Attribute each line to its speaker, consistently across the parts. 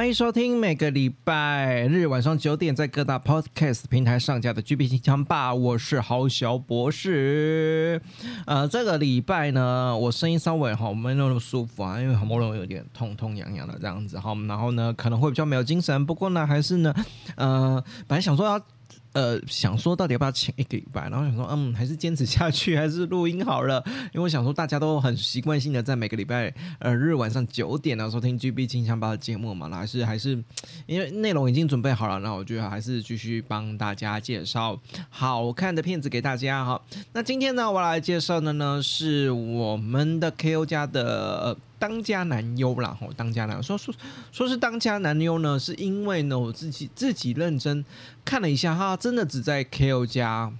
Speaker 1: 歡迎收聽每個禮拜日晚上九點在各大 Podcast 平台上架的《GVideoBar》，我是豪小博士。呃，這個禮拜呢，我聲音稍微好，沒那麼舒服啊，因為喉嚨有點痛痛癢癢的這樣子哈。然後呢，可能會比較沒有精神，不過呢，還是呢，呃，本來想說要。呃，想說到底要不要請一個禮拜，然後想說，嗯，還是堅持下去，還是錄音好了，因為我想說大家都很習慣性的在每個禮拜呃日晚上九點呢收聽 GVideoBar 的節目嘛，那還是還是因為內容已經準備好了，那我覺得還是繼續幫大家介紹好看的片子給大家哈。那今天呢，我來介紹的呢是我們的 KO 家的。當家男優啦，吼，當家男說說說是當家男優呢，是因為呢我自己自己認真看了一下，他真的只在 KO 家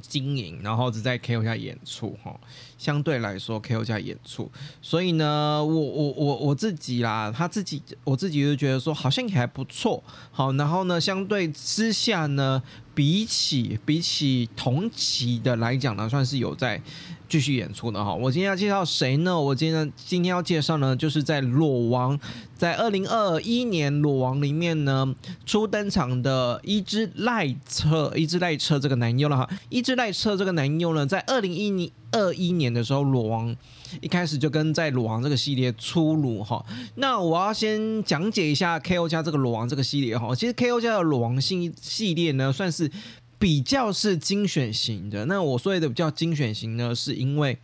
Speaker 1: 經營，然後只在 KO 家演出哈，相對來說 KO 家演出，所以呢，我我我我自己啦，他自己我自己就覺得說好像也還不錯，好，然後呢，相對之下呢。比起比起同期的來講呢，算是有在繼續演出的哈。我今天要介紹誰呢？我今天今天要介紹呢，就是在裸王在二零二一年裸王裡面呢，初登場的一ノ瀬徹，一ノ瀬徹這個男優了哈。一ノ瀬徹這個男優呢，在二零一零二一年的時候裸王。一開始就跟在裸王這個系列出爐哈，那我要先講解一下 KO 家這個裸王這個系列哈。其實 KO 家的裸王系系列呢，算是比較是精選型的。那我說的比較精選型呢，是因為。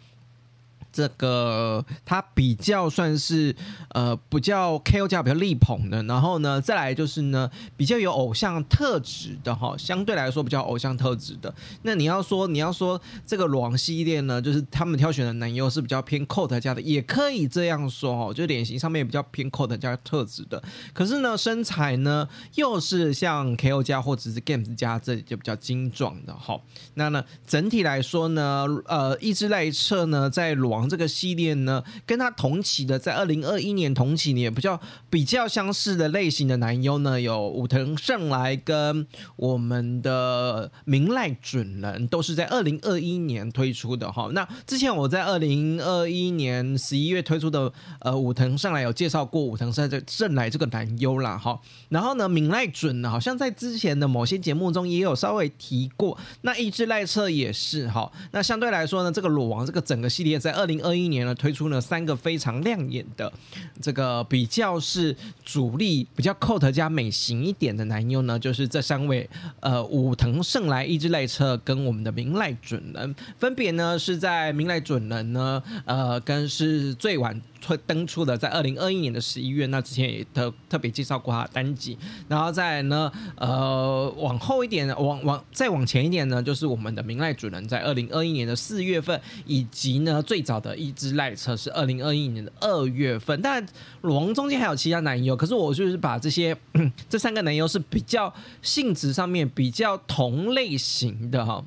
Speaker 1: 這個他比較算是呃，比較 KO 家比較力捧的，然後呢，再來就是呢，比較有偶像特質的哈、哦，相對來說比較偶像特質的。那你要說你要說這個裸王系列呢，就是他們挑選的男優是比較偏 COAT 家的，也可以這樣說哦，就臉型上面也比較偏 COAT 家特質的。可是呢，身材呢又是像 KO 家或者是 Games 家，這就比較精壯的哈。那呢，整體來說呢，呃，一ノ瀬徹呢，在裸這個系列呢，跟他同期的，在二零二一年同期，也比較比較相似的類型的男優呢，有武藤聖來跟我們的鳴瀨隼人，都是在二零二一年推出的哈。那之前我在二零二一年十一月推出的呃武藤聖來有介紹過武藤聖這聖來這個男優啦哈。然後呢，鳴瀨隼好像在之前的某些節目中也有稍微提過。那一ノ瀬徹也是哈。那相對來說呢，這個裸王這個整個系列在二二零二一年呢，推出了三個非常亮眼的，這個比較是主力，比較 COT 加美型一點的男優呢，就是這三位，呃，武藤聖來、一ノ瀬徹跟我們的鳴瀨隼人，分別呢是在鳴瀨隼人呢，呃，跟是最晚。會登出了，在二零二一年的十一月，那之前也特特別介紹過他的單集，然後再呢，呃，往後一點，往往再往前一點呢，就是我們的鳴瀨隼人在二零二一年的四月份，以及呢最早的一ノ瀬徹是二零二一年的二月份，但龍中間還有其他男優，可是我就是把這些、嗯、這三個男優是比較性質上面比較同類型的哈，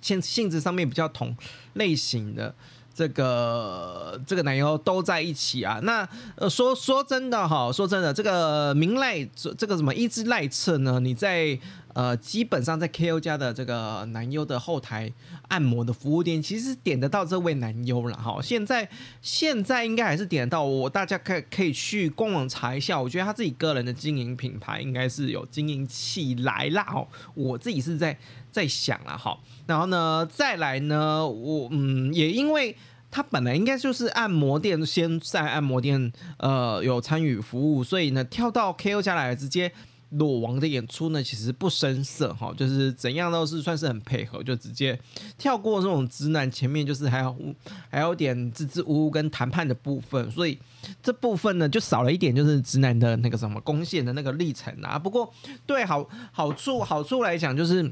Speaker 1: 性性質上面比較同類型的。這個這個男優都在一起啊，那呃說說真的哈，說真的，這個鳴瀨這這個什麼一ノ瀬徹呢？你在呃基本上在 K.O. 家的這個男優的後台按摩的服務店，其實點得到這位男優了哈。現在現在應該還是點得到我，我大家可以可以去官網查一下。我覺得他自己個人的經營品牌應該是有經營起來啦。哦，我自己是在在想了哈，然後呢再來呢，我嗯也因為。他本來應該就是按摩店，先在按摩店呃有參與服務，所以呢跳到 KO 家來直接裸王的演出呢，其實不生澀哈，就是怎樣都是算是很配合，就直接跳過這種直男前面就是還有還有點支支吾吾跟談判的部分，所以這部分呢就少了一點就是直男的那個什麼攻陷的那個歷程啊。不過，對好好處好處來講就是。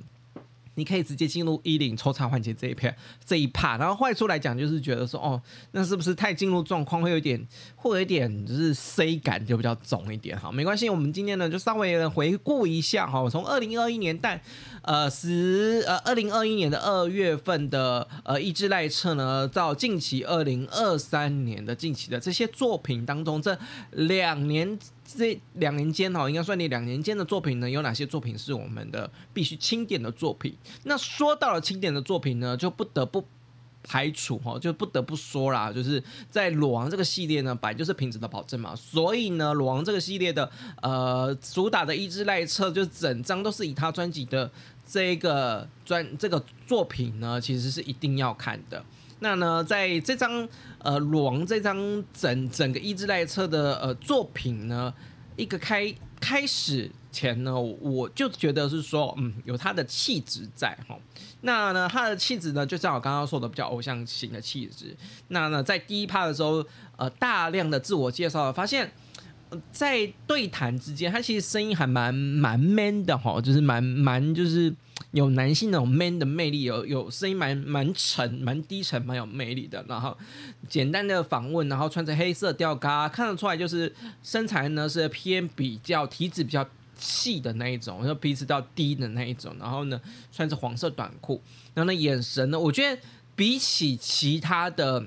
Speaker 1: 你可以直接進入一零抽插環節，這一片這一趴，然後壞處來講就是覺得說哦，那是不是太進入狀況，會有一點會有一點就是 C 感就比較重一點哈，沒關係，我們今天呢就稍微回顧一下哈，從二零二一年代呃十呃二零二一年的二月份的呃一ノ瀬徹呢，到近期二零二三年的近期的這些作品當中，這兩年。這兩年間哈，應該算你兩年間的作品呢，有哪些作品是我們的必須清點的作品？那說到了清點的作品呢，就不得不排除哈，就不得不說啦，就是在裸王這個系列呢，本來就是品質的保證嘛，所以呢，裸王這個系列的呃主打的一ノ瀬徹就整張都是以他專輯的這一個專這個作品呢，其實是一定要看的。那呢，在這張呃裸王這張整整個一ノ瀬徹的呃作品呢，一個開開始前呢，我就覺得是說，嗯，有他的氣質在齁。那呢，他的氣質呢，就像我剛剛說的，比較偶像型的氣質。那呢，在第一趴的時候，呃，大量的自我介紹了，發現，呃、在對談之間，他其實聲音還蠻蠻 man 的齁，就是蠻蠻就是。有男性那種 man 的魅力，有有聲音蠻蠻沉、蠻低沉、蠻有魅力的。然後簡單的訪問，然後穿着黑色吊嘎，看得出來就是身材呢是偏比較體脂比較細的那一種，然後體脂比較低的那一種。然後呢穿着黃色短褲，然後那眼神呢，我覺得比起其他的，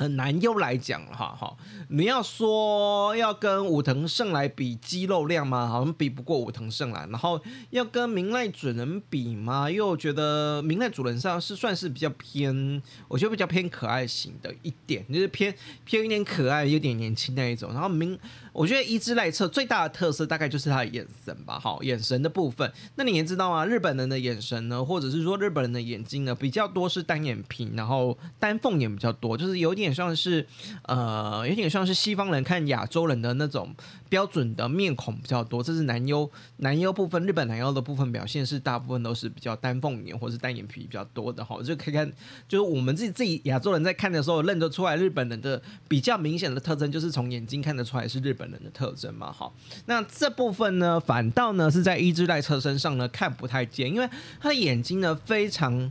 Speaker 1: 男優來講哈，哈，你要說要跟武藤聖來比肌肉量嗎？好像比不過武藤聖來，然後要跟鳴瀨隼人比嗎？因為我覺得鳴瀨隼人上是算是比較偏，我覺得比較偏可愛型的一點，就是偏偏有點可愛，有點年輕那一種。然後明，我覺得一ノ瀬徹最大的特色大概就是他的眼神吧，好，眼神的部分。那你也知道啊，日本人的眼神呢，或者是說日本人的眼睛呢，比較多是單眼皮，然後丹鳳眼比較多，就是有點。有點像是，呃，有點像是西方人看亞洲人的那種標準的面孔比較多。這是男優，男優部分，日本男優的部分表現是大部分都是比較丹鳳眼或是單眼皮比較多的哈。就可以看，就是我們自己自己亞洲人在看的時候認得出來，日本人的比較明顯的特徵就是從眼睛看得出來是日本人的特徵嘛。哈，那這部分呢，反倒呢是在一ノ瀬徹身上呢看不太見，因為他的眼睛呢非常。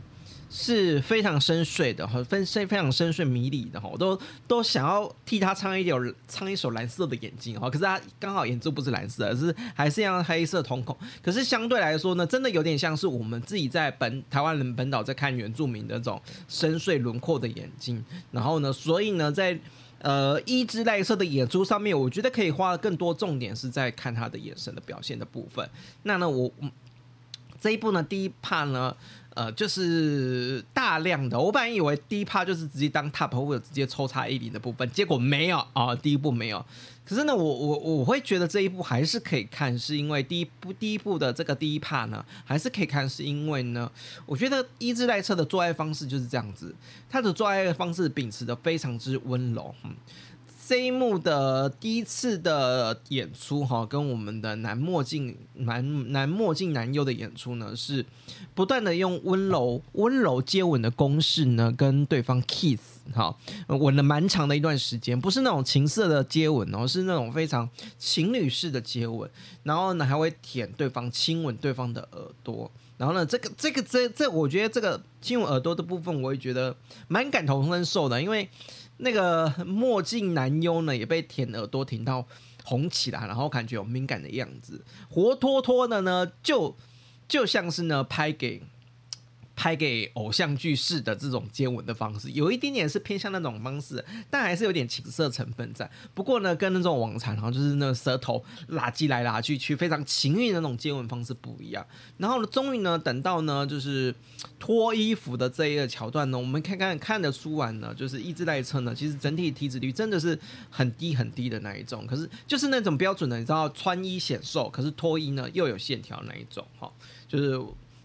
Speaker 1: 是非常深邃的，很深，非常深邃迷離的哈，我都都想要替他唱一首唱一首藍色的眼睛哈，可是他剛好眼珠不是藍色，而是還是一樣黑色瞳孔，可是相對來說呢，真的有點像是我們自己在本台灣人本島在看原住民的那種深邃輪廓的眼睛，然後呢，所以呢，在呃一之瀨徹的演出上面，我覺得可以花更多重點是在看他的眼神的表現的部分。那呢，我這一部呢，第一趴呢。呃，就是大量的。我本來以為第一趴就是直接當 top，或者直接抽插一零的部分，結果沒有啊、呃。第一部沒有，可是呢，我我我會覺得這一部還是可以看，是因為第一部第一部的這個第一趴呢，還是可以看，是因為呢，我覺得伊、e、之瀨徹的做愛方式就是這樣子，他的做愛的方式秉持的非常之溫柔，嗯。這一幕的第一次的演出哈，跟我們的男墨鏡男男墨鏡男優的演出呢，是不斷的用溫柔溫柔接吻的攻勢呢，跟對方 kiss 哈，吻了蠻長的一段時間，不是那種情色的接吻哦，是那種非常情侶式的接吻，然後呢，還會舔對方親吻對方的耳朵，然後呢，這個這個這這我覺得這個親吻耳朵的部分，我也覺得蠻感同身受的，因為。那個墨鏡男優呢，也被舔耳朵舔到紅起來，然後感覺有敏感的樣子，活脫脫的呢，就就像是呢拍給，拍給偶像劇式的這種接吻的方式，有一點點是偏向那種方式，但還是有點情色成分在。不過呢，跟那種往常，然後就是那舌頭拉幾來拉去去非常情慾的那種接吻方式不一樣。然後呢，終於呢等到呢就是脫衣服的這一個橋段呢，我們剛剛看看看得出完呢，就是一字帶稱呢，其實整體體脂率真的是很低很低的那一種。可是就是那種標準的，你知道，穿衣顯瘦，可是脫衣呢又有線條那一種哈、哦，就是。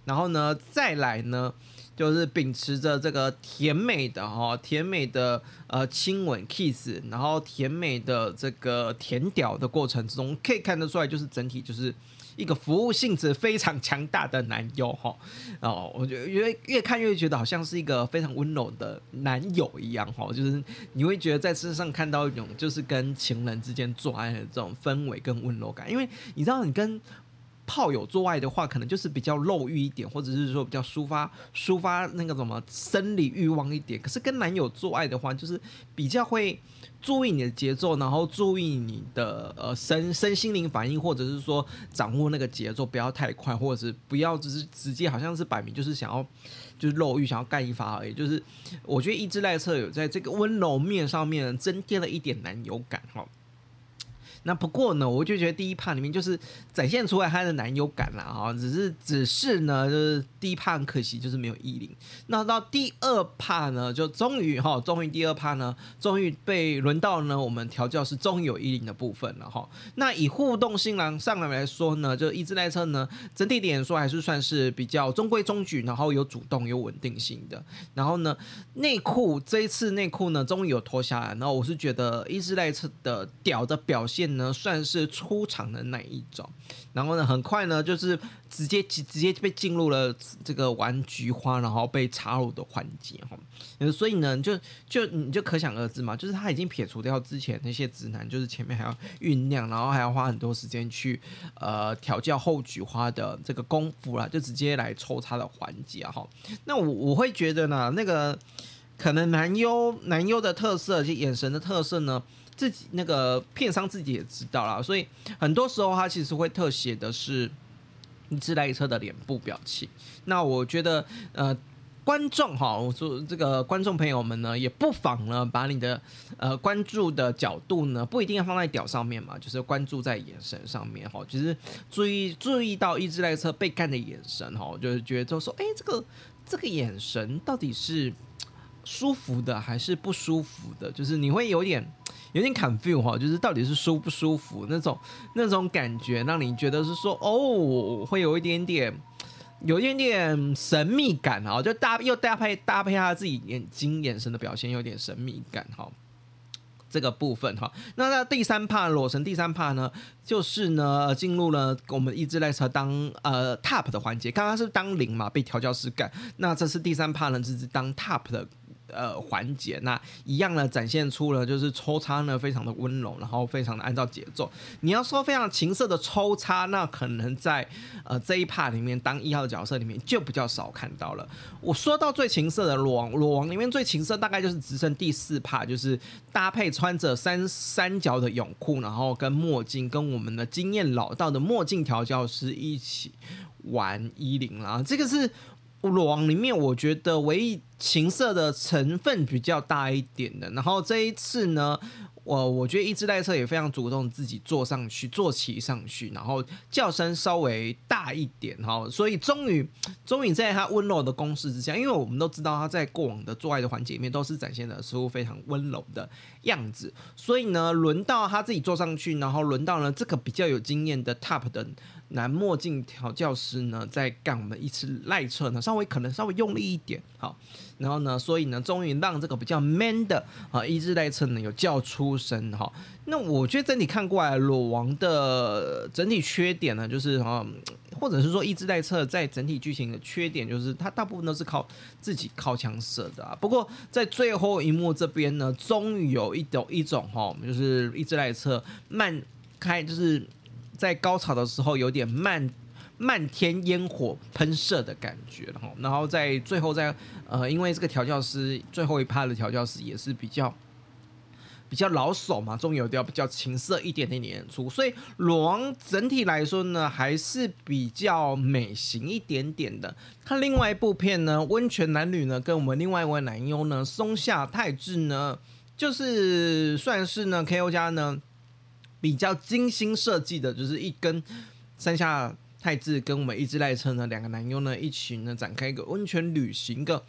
Speaker 1: 然後呢，再來呢，就是秉持着這個甜美的哈，甜美的呃親吻 kiss，然後甜美的這個舔屌的過程之中，可以看得出來，就是整體就是一個服務性質非常強大的男友哈。然後我覺得越越看越覺得好像是一個非常溫柔的男友一樣哈，就是你會覺得在身上看到一種就是跟情人之間做愛的這種氛圍跟溫柔感，因為你知道你跟。炮友做愛的話，可能就是比較肉欲一點，或者是說比較抒發抒發那個什麼生理欲望一點。可是跟男友做愛的話，就是比較會注意你的節奏，然後注意你的呃身身心靈反應，或者是說掌握那個節奏不要太快，或者是不要只是直接好像是擺明就是想要就是肉欲，想要幹一發而已。就是我覺得一ノ瀬徹有在這個溫柔面上面增添了一點男友感，哦。那不過呢，我就覺得第一趴裡面就是展現出來他的男友感了哈，只是只是呢，就是第一趴很可惜就是沒有伊林。那到第二趴呢，就終於哈，終於第二趴呢，終於被輪到呢，我們調教師終於有伊林的部分了哈。那以互動性上來來說呢，就一ノ瀬徹呢，整體點說還是算是比較中規中矩，然後有主動有穩定性的。然後呢，內褲這一次內褲呢，終於有脫下來。然後我是覺得一ノ瀬徹的屌的表現。呢，算是出場的那一種，然後呢，很快呢，就是直接直接被進入了這個玩菊花，然後被插入的環節哈，所以呢，就就你就可想而知嘛，就是他已經撇除掉之前那些直男，就是前面還要醞釀，然後還要花很多時間去呃調教後菊花的這個功夫啦，就直接來抽他的環節哈。那我我會覺得呢，那個可能男優男優的特色，就眼神的特色呢。自己那個片商自己也知道啦，所以很多時候他其實會特寫的是，一ノ瀬徹的臉部表情。那我覺得呃，觀眾哈，我說這個觀眾朋友們呢，也不妨呢，把你的呃關注的角度呢，不一定要放在屌上面嘛，就是關注在眼神上面哈，其實注意注意到一ノ瀬徹被幹的眼神哈，就是覺得說誒、欸，這個這個眼神到底是。舒服的還是不舒服的，就是你會有點有點 confuse 哈，就是到底是舒不舒服那種那種感覺，讓你覺得是說哦，會有一點點有一點點神秘感啊，就搭又搭配搭配他自己眼睛眼神的表現，有點神秘感哈，這個部分哈。那那第三 part，裸神第三 part 呢，就是呢進入了我們一直在當呃 top 的環節。剛剛是當零嘛，被調教師幹，那這是第三 part 呢，就是當 top 的。呃，環節那一樣呢展現出了，就是抽插呢非常的溫柔，然後非常的按照節奏。你要說非常情色的抽插，那可能在呃這一 part 裡面當一號的角色裡面就比較少看到了。我說到最情色的裸王，裸王裡面最情色，大概就是只剩第四 part，就是搭配穿着三三角的泳褲，然後跟墨鏡，跟我們的經驗老道的墨鏡調教師一起玩一零啦，這個是。網裡面，我覺得唯一情色的成分比較大一點的。然後這一次呢，我我覺得一ノ瀬徹也非常主動，自己坐上去，坐騎上去，然後叫聲稍微大一點哈。所以終於，終於在他溫柔的攻勢之下，因為我們都知道他在過往的做愛的環節裡面都是展現的似乎非常溫柔的樣子。所以呢，輪到他自己坐上去，然後輪到了這個比較有經驗的 top 的。男墨鏡調教師呢，在幹我們一ノ瀬徹呢，稍微可能稍微用力一點，好，然後呢，所以呢，終於讓這個比較 man 的啊一ノ瀬徹呢有叫出聲哈。那我覺得整體看過來，裸王的整體缺點呢，就是啊，或者是說一ノ瀬徹在整體劇情的缺點，就是它大部分都是靠自己靠槍射的啊。不過在最後一幕這邊呢，終於有一種一種哈，就是一ノ瀬徹慢開，就是。在高潮的時候有點漫漫天煙火噴射的感覺，然後然後在最後在呃，因為這個調教師最後一趴的調教師也是比較比較老手嘛，終有點比較情色一點一點演出，所以裸王整體來說呢還是比較美型一點點的。看另外一部片呢《溫泉男女》呢，跟我們另外一位男優呢松下泰志呢，就是算是呢 KO 家呢。比較精心設計的，就是一根山下泰治跟我們一ノ瀬徹呢兩個男優呢一起呢展開一個溫泉旅行，一個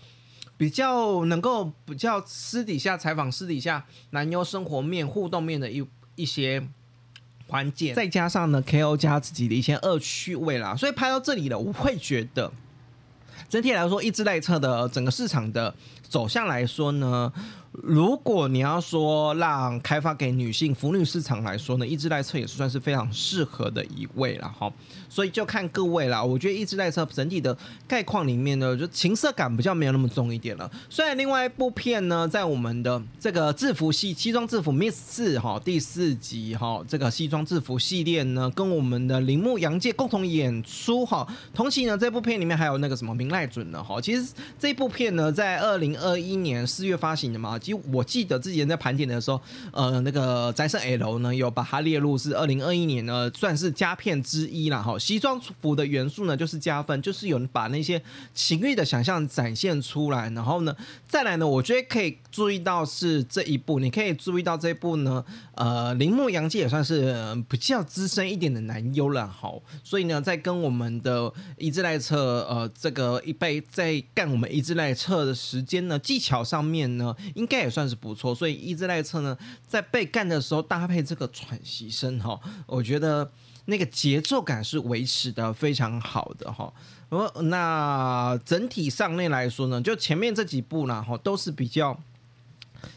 Speaker 1: 比較能夠比較私底下採訪私底下男優生活面互動面的一一些環節，再加上呢 KO 家自己的一些惡趣味啦，所以拍到這裡了，我會覺得整體來說一ノ瀬徹的整個市場的走向來說呢。如果你要說讓開發給女性、腐女市場來說呢，一之瀨徹也算是非常適合的一位了哈。所以就看各位啦。我覺得一之瀨徹整體的概況裡面呢，就情色感比較沒有那麼重一點了。雖然另外一部片呢，在我們的這個制服系西裝制服 MIS 四哈第四集哈，這個西裝制服系列呢，跟我們的鈴木洋介共同演出哈。同時呢，這部片裡面還有那個什麼鳴瀨隼的哈。其實這部片呢，在二零二一年四月發行的嘛。其實我記得之前在盤點的時候，呃，那個摘勝 o L 呢，有把它列入，是二零二一年呢，呃，算是佳片之一了哈。西裝服的元素呢，就是加分，就是有把那些情欲的想象展現出來。然後呢，再來呢，我覺得可以注意到是這一部，你可以注意到這一部呢，呃，鈴木洋介也算是比較資深一點的男優了哈。所以呢，在跟我們的一之瀨徹呃，這個一輩在幹我們一之瀨徹的時間呢，技巧上面呢，應。蓋也算是不錯，所以一直在測呢，在被幹的時候搭配這個喘息聲哈、哦，我覺得那個節奏感是維持得非常好的哈。呃，那整體上面來說呢，就前面這幾部呢哈，都是比較。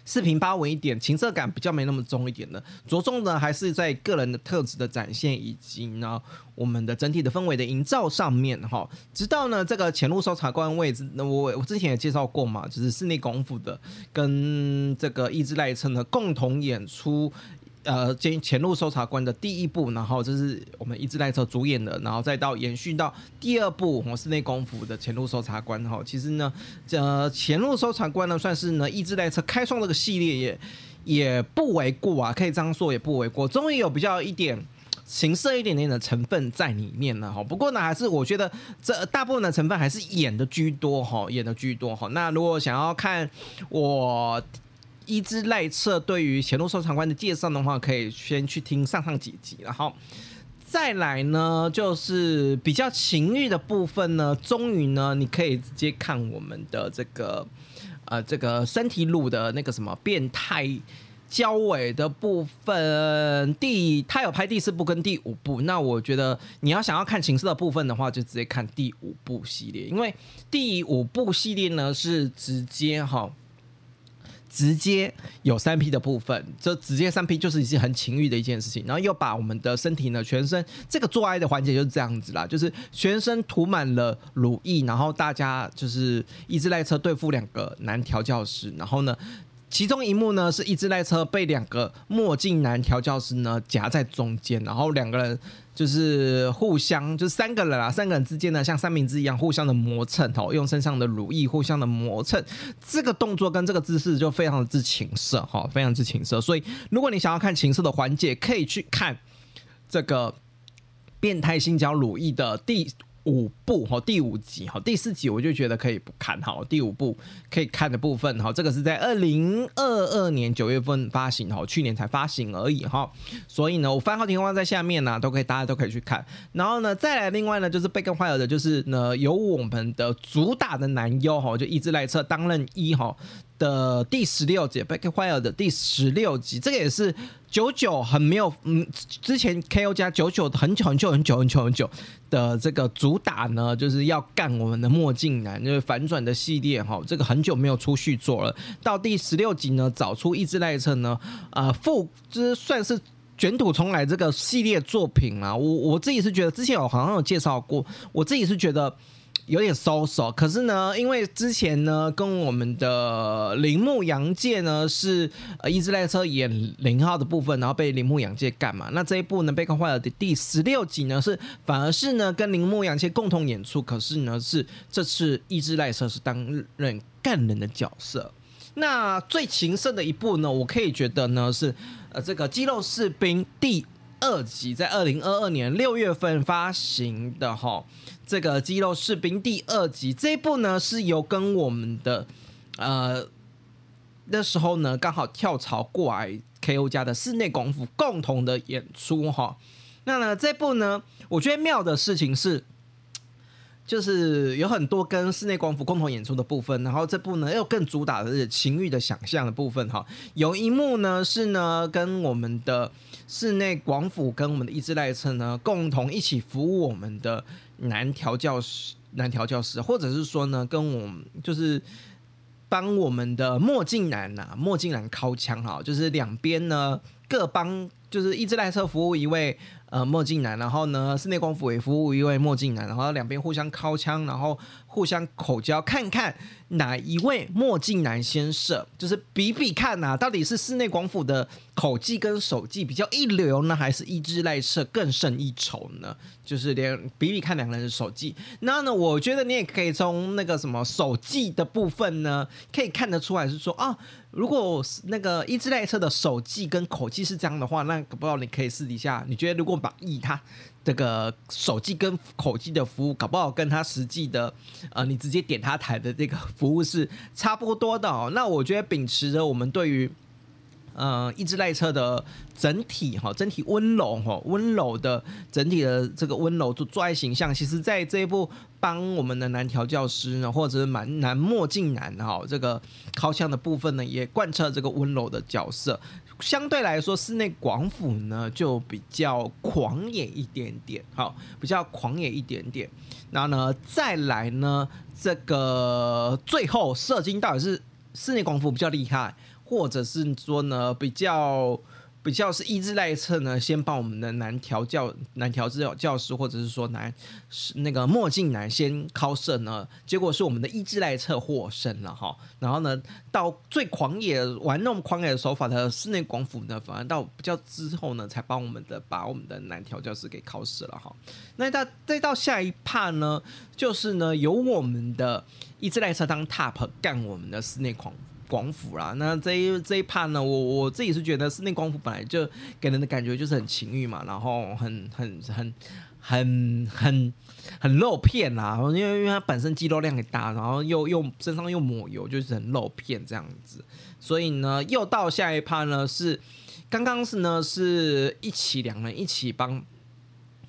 Speaker 1: 四平八穩一點，情色感比較沒那麼重一點的，着重的還是在個人的特質的展現，以及呢我們的整體的氛圍的營造上面哈。直到呢這個潛入搜查官為止，那我我之前也介紹過嘛，就是室內功夫的跟這個一ノ瀬徹的共同演出。呃，前前路搜查官的第一部，然後這是我們一之瀨徹主演的，然後再到延續到第二部我是內功夫的前路搜查官。哈，其實呢，呃，前路搜查官呢算是呢一之瀨徹開創這個系列也也不為過啊，可以這樣說也不為過。終於有比較一點情色一點點的成分在裡面了。哈，不過呢，還是我覺得這大部分的成分還是演得居多。哈，演得居多。哈，那如果想要看我。一ノ瀬徹對於潛入搜查官的介紹的話，可以先去聽上上幾集，然後再來呢，就是比較情欲的部分呢。終於呢，你可以直接看我們的這個呃這個身體乳的那個什麼變態交尾的部分。第他有拍第四部跟第五部，那我覺得你要想要看情色的部分的話，就直接看第五部系列，因為第五部系列呢是直接哈。直接有三 P 的部分。這直接三 P 就是一件很情欲的一件事情，然後又把我們的身體呢，全身這個做愛的環節就是這樣子啦，就是全身塗滿了乳液，然後大家就是一直來車對付兩個男調教師，然後呢。其中一幕呢是一ノ瀬徹被兩個墨鏡男調教師呢夾在中間，然後兩個人就是互相就是三個人啦，三個人之間呢像三明治一樣互相的磨蹭，哈、哦，用身上的乳液互相的磨蹭，這個動作跟這個姿勢就非常的之情色，哈、哦，非常之情色。所以如果你想要看情色的環節，可以去看這個變態性交乳液的第。五部哈，第五集哈，第四集我就覺得可以不看哈，第五部可以看的部分哈，這個是在二零二二年九月份發行哈，去年才發行而已哈，所以呢，我番號提供在下面呢、啊，都可以大家都可以去看。然後呢，再來另外呢，就是 BACKWILD 的，就是呢，由我們的主打的男優哈，就一ノ瀬徹擔任一哈。的第十六集《BACKWILD》的第十六集，這個也是久久很沒有嗯，之前 KO 家久久很久很久很久很久很久的這個主打呢，就是要幹我們的墨鏡男，因、就、為、是、反轉的系列哈。這個很久沒有出續作了，到第十六集呢，找出一支賴稱呢，呃，復之、就是、算是卷土重來這個系列作品啦，我我自己是覺得，之前我好像有介紹過，我自己是覺得。有點收手，可是呢，因為之前呢，跟我們的鈴木洋介呢是一ノ瀬徹演零號的部分，然後被鈴木洋介幹嘛？那這一部呢，BACKWILD 的第十六集呢，是反而是呢跟鈴木洋介共同演出，可是呢是這次一ノ瀬徹是擔任幹人的角色。那最情色的一部呢，我可以覺得呢是呃這個肌肉士兵第二集在二零二二年六月份發行的哈，這個肌肉士兵第二集這一部呢，是由跟我們的呃那時候呢剛好跳槽過來 KO 家的室內功夫共同的演出哈。那呢這部呢，我覺得妙的事情是。就是有很多跟室內廣府共同演出的部分，然後這部呢又更主打的是情欲的想象的部分哈。有一幕呢是呢，跟我們的室內廣府跟我們的一ノ瀬徹呢共同一起服務我們的男調教師，男調教師，或者是說呢跟我們就是幫我們的墨鏡男吶、啊，墨鏡男掏槍哈，就是兩邊呢。各幫就是一ノ瀬徹服務一位呃墨鏡男，然後呢室內光輔也服務一位墨鏡男，然後兩邊互相尻槍，然後互相口交，看看哪一位墨鏡男先射，就是比比看啊，到底是室內光輔的口技跟手技比較一流呢，還是一ノ瀬徹更勝一籌呢？就是連比比看兩個人的手技。那呢，我覺得你也可以從那個什麼手技的部分呢，可以看得出來是說啊。哦如果那個一ノ瀬徹的手技跟口技是這樣的話，那搞不好你可以試一下，你覺得如果把 e 他這個手技跟口技的服務，搞不好跟他實際的，呃，你直接點他台的這個服務是差不多的喔。那我覺得秉持着我們對於。嗯，一ノ瀬徹的整體哈，整體溫柔哈，溫柔的整體的這個溫柔做做愛形象，其實在這一部幫我們的男調教師呢，或者是蠻男墨鏡男哈，這個尻槍的部分呢，也貫徹這個溫柔的角色。相對來說，室內廣府呢就比較狂野一點點，哈，比較狂野一點點。然後呢，再來呢，這個最後射精到底是室內廣府比較厲害？或者是說呢，比較比較是一ノ瀬徹呢，先幫我們的男調教男調教教師，或者是說男那個墨鏡男先靠射呢，結果是我們的一ノ瀬徹獲勝了哈。然後呢，到最狂野玩那麼狂野手法的室內廣府呢，反而到比較之後呢，才幫我們的把我們的男調教師給靠射了哈。那到再到下一趴呢，就是呢，由我們的一ノ瀬徹當 top 幹我們的室內狂。光府啦，那這一這一趴呢，我我自己是覺得是那光府本來就給人的感覺就是很情欲嘛，然後很很很很很很肉片啦，因為因為它本身肌肉量也大，然後又又身上又抹油，就是很肉片這樣子，所以呢，又到下一趴呢是剛剛是呢是一起兩人一起幫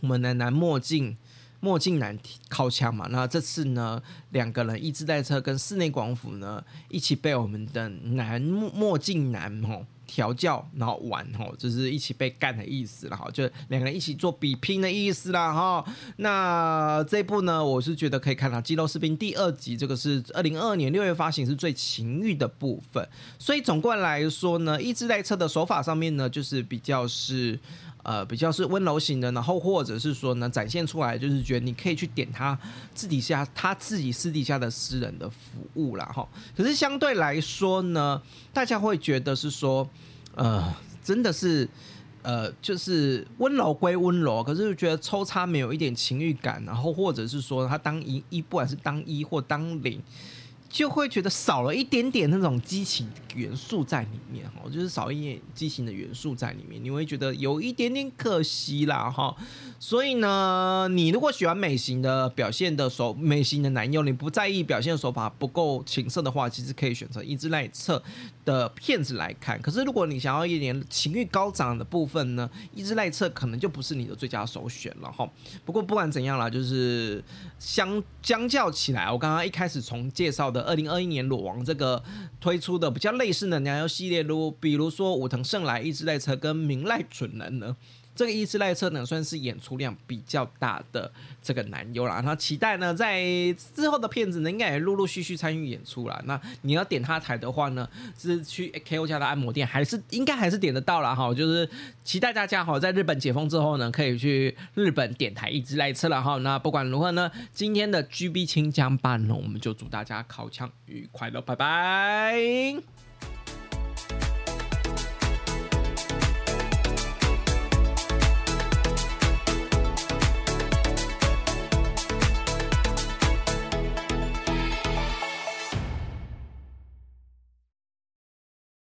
Speaker 1: 我們的男男墨鏡。墨鏡男靠槍嘛，那這次呢，兩個人一直在車跟室內廣府呢，一起被我們的男墨鏡男吼。調教，然後玩哦，就是一起被幹的意思了哈，就兩個人一起做比拼的意思啦哈。那這部呢，我是覺得可以看到，G《肌肉士兵》第二集，這個是二零二二年六月發行，是最情慾的部分。所以，總括來說呢，一ノ瀬徹的手法上面呢，就是比較是呃，比較是溫柔型的，然後或者是說呢，展現出來就是覺得你可以去點他自己下，下他自己私底下的私人的服務了哈。可是相對來說呢，大家會覺得是說，呃，真的是，呃，就是溫柔歸溫柔，可是覺得抽插沒有一點情欲感，然後或者是說他當一一，不管是當一或當零，就會覺得少了一點點那種激情元素在裡面哈，就是少一點激情的元素在裡面，你會覺得有一點點可惜啦哈。所以呢，你如果喜歡美型的表現的手美型的男優，你不在意表現手法不夠情色的話，其實可以選擇一ノ瀬徹的片子來看。可是如果你想要一點情欲高漲的部分呢，一ノ瀬徹可能就不是你的最佳首選了哈。不過不管怎樣啦，就是相相較起來，我剛剛一開始從介紹的二零二一年裸王這個推出的比較類似的男優系列如，如比如說武藤聖來、一ノ瀬徹跟鳴瀨隼人呢。這個一ノ瀬徹呢，算是演出量比較大的這個男優了。那期待呢，在之後的片子呢，應該也陸陸續續參與演出了。那你要點他台的話呢，是去 KO 家的按摩店，還是應該還是點得到了哈？就是期待大家在日本解封之後呢，可以去日本點台一ノ瀬徹了哈。那不管如何呢，今天的 GB 清江班呢，我們就祝大家尻槍愉快了，拜拜。